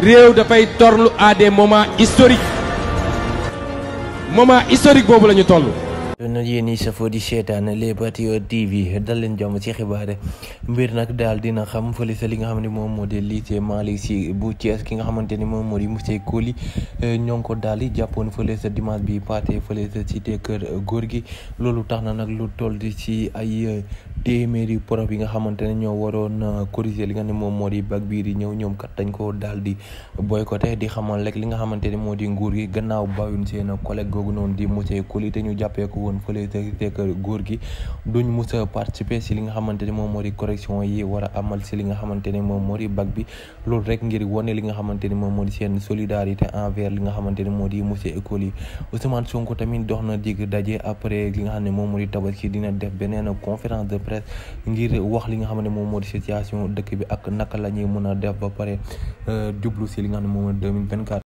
réew dafay torlu lu des moments historiques moment historique boobu lañu ñu toll. na yéen ñi safoo di seetaan dal leen jàmm ci xibaare mbir nag daal dina xam fële sa li nga xam ni moom moo di lycée Malick bu Thiès ki nga xamante ni moom moo di monsieur Coly eh, ñoo ko daal di jàppoon fële sa dimanche bi paate fële sa cité kër góor gi loolu tax na nag lu toll di ci ay eh, téeméeri prof yi nga xamante ne ñoo waroon euh, corriger li nga ne moom moo di bag bii di ñëw ñoom kat dañ ko daal di boycotté di xamal rek li nga xamante ne moo di nguur gi gannaaw bàyyun seen collègue googu noonu di monsieur Coly te ñu jàppee ko woon fële tek góor gi duñ mus a participer li nga xamante ne moom moo di correction yi war amal si li nga xamante ne moom moo di bac bi loolu rek ngir wane li nga xamante ne moom moo di seen solidarité envers li nga xamante ne moo di monsieur Coly Ousmane Sonko tamit dox na digg daje après li nga xam ne moom moo di tabaski dina def beneen conférence de presse ngir wax li nga xam ne moom moo di situation dëkk bi ak naka la ñuy mën a def ba pare euh, jublu si li nga xam ne moom mooy 2024